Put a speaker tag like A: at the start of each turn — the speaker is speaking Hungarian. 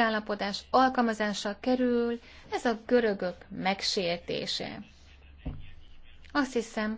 A: megállapodás alkalmazásra kerül, ez a görögök megsértése. Azt hiszem,